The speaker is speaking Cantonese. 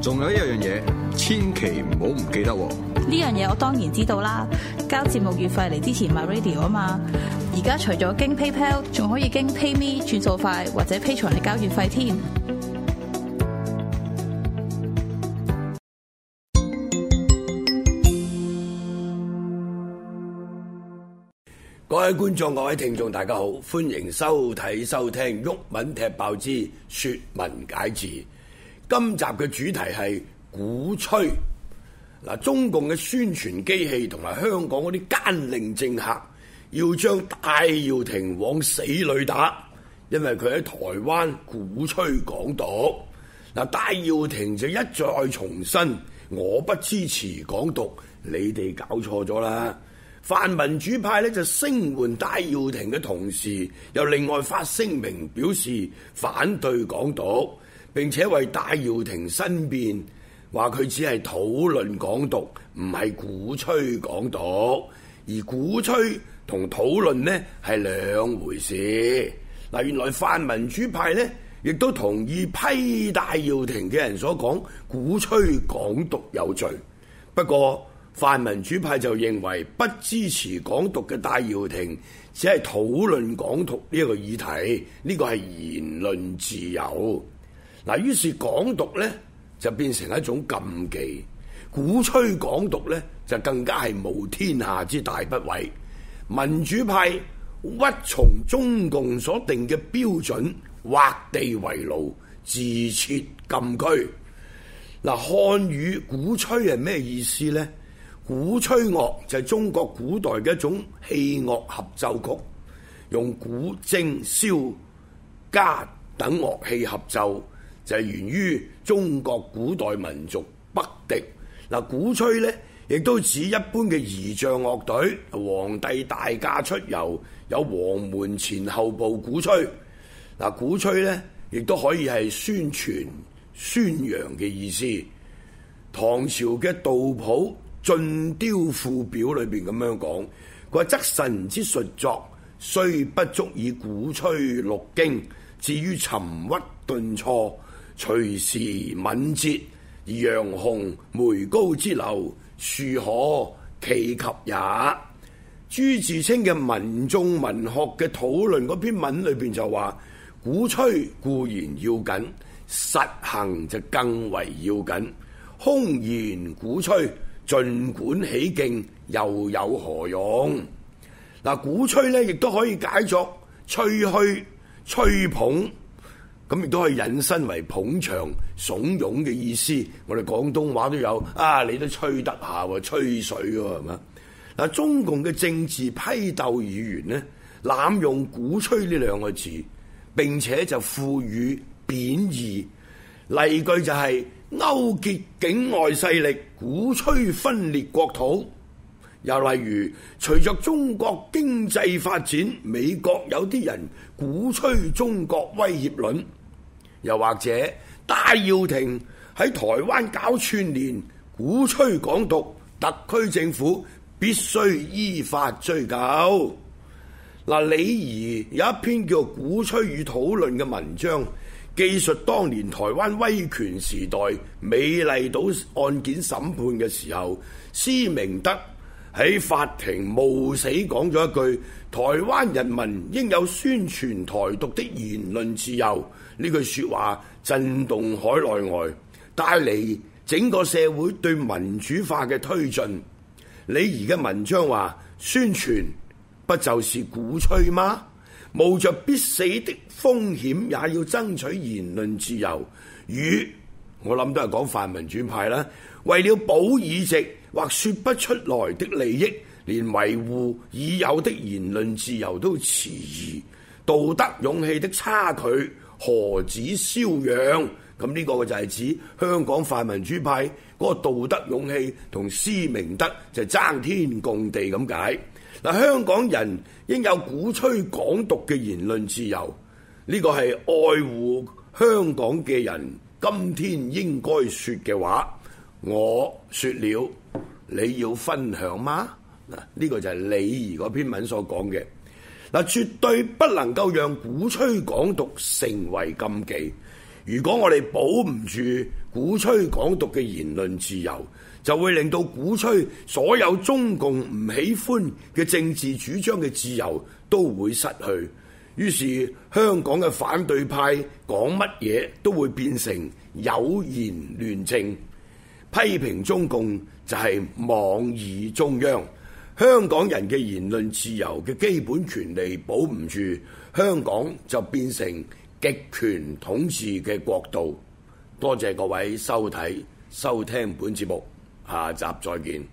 仲有一樣嘢，千祈唔好唔記得。呢樣嘢我當然知道啦，交節目月費嚟，之前 MyRadio 啊嘛。而家除咗經 PayPal，仲可以經 PayMe 轉數快、或者 Patreon 嚟交月費添。各位觀眾、各位聽眾，大家好，歡迎收睇、收聽《毓民踢爆之說文解字》。今集嘅主題係鼓吹。嗱、啊，中共嘅宣傳機器同埋香港嗰啲奸佞政客，要將戴耀廷往死裏打，因為佢喺台灣鼓吹港獨。嗱、啊，戴耀廷就一再重申，我不支持港獨，你哋搞錯咗啦。泛民主派呢就聲援戴耀廷嘅同時，又另外發聲明表示反對港獨。並且為戴耀廷申辯，話佢只係討論港獨，唔係鼓吹港獨。而鼓吹同討論呢係兩回事。嗱，原來泛民主派呢亦都同意批戴耀廷嘅人所講鼓吹港獨有罪。不過泛民主派就認為不支持港獨嘅戴耀廷只係討論港獨呢一個議題，呢個係言論自由。嗱，於是港獨呢，就變成一種禁忌，鼓吹港獨呢，就更加係冒天下之大不韙。民主派屈從中共所定嘅標準，劃地為牢，自設禁區。嗱，漢語鼓吹係咩意思呢？鼓吹樂就係中國古代嘅一種器樂合奏曲，用鼓、鉦、簫、笳等樂器合奏。就係源於中國古代民族北狄。嗱，鼓吹呢亦都指一般嘅儀仗樂隊，皇帝大駕出遊，有皇門前後部鼓吹。嗱，鼓吹呢亦都可以係宣傳宣揚嘅意思。唐朝嘅杜甫《進雕賦表》裏邊咁樣講，佢話：則臣之述作，雖不足以鼓吹六經，至於沉鬱頓挫。隨時敏捷，楊雄梅高之流，殊可企及也。朱自清嘅民眾文學嘅討論嗰篇文裏邊就話，鼓吹固然要緊，實行就更為要緊。空言鼓吹，儘管起勁，又有何用？嗱，鼓吹呢，亦都可以解作吹噓、吹捧。吹捧咁亦都可以引申為捧場、慫恿嘅意思。我哋廣東話都有啊，你都吹得下喎，吹水喎，啊，係嘛？嗱，中共嘅政治批鬥語言呢，濫用鼓吹呢兩個字，並且就賦予貶義。例句就係勾結境外勢力鼓吹分裂國土，又例如隨着中國經濟發展，美國有啲人鼓吹中國威脅論。又或者戴耀廷喺台灣搞串聯、鼓吹港獨，特區政府必須依法追究。嗱，李怡有一篇叫做《鼓吹與討論》嘅文章，記述當年台灣威權時代美麗島案件審判嘅時候，施明德。喺法庭冒死講咗一句：台灣人民應有宣傳台獨的言論自由。呢句説話震動海內外，帶嚟整個社會對民主化嘅推進。你而家文章話宣傳不就是鼓吹嗎？冒着必死的風險也要爭取言論自由。與我諗都係講泛民主派啦，為了保議席。或說不出來的利益，連維護已有的言論自由都遲疑，道德勇氣的差距何止霄壤？咁、這、呢個就係指香港泛民主派嗰個道德勇氣同施明德就爭天共地咁解。嗱，香港人應有鼓吹港獨嘅言論自由，呢、這個係愛護香港嘅人今天應該説嘅話。我説了。你要分享嗎？嗱，呢個就係李儀嗰篇文所講嘅。嗱，絕對不能夠讓鼓吹港獨成為禁忌。如果我哋保唔住鼓吹港獨嘅言論自由，就會令到鼓吹所有中共唔喜歡嘅政治主張嘅自由都會失去。於是香港嘅反對派講乜嘢都會變成有言亂政。批評中共就係妄議中央，香港人嘅言論自由嘅基本權利保唔住，香港就變成極權統治嘅國度。多謝各位收睇、收聽本節目，下集再見。